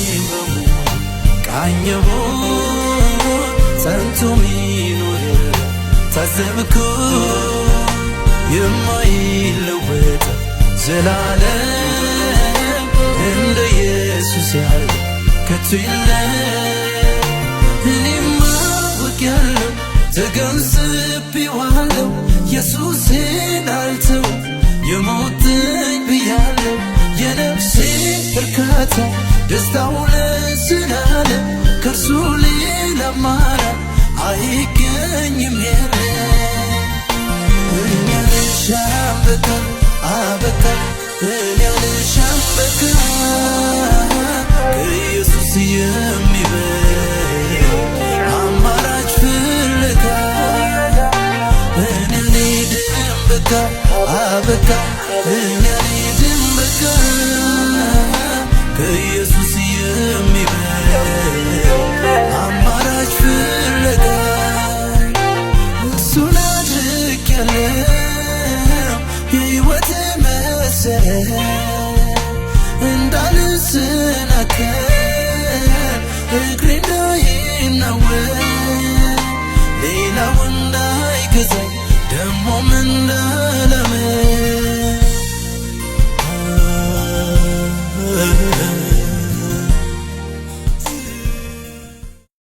በሙ ቃኘቦ ጸንቶ ሚኖር ታዘብኮ የማይለወጥ ዘላለም እንደ ኢየሱስ ያለ ከቶ የለም። እኔማ አውቄያለሁ ተገንዝቤዋለሁ ኢየሱሴን አልተውም የሞትኝ ብያለሁ የነፍሴ እርካታ ደስታውን ስላለ ከእርሱ ሌላ ማራቅ አይገኝም የለ እኔ አልሻም በቃ አበቃ እኔ አልሻም በቃ ከኢየሱስ የሚበል አማራጭ ፍለጋ እኔ አልሄድም እኔ አልሄድም የሕይወት መሰረት እንዳልሰናከል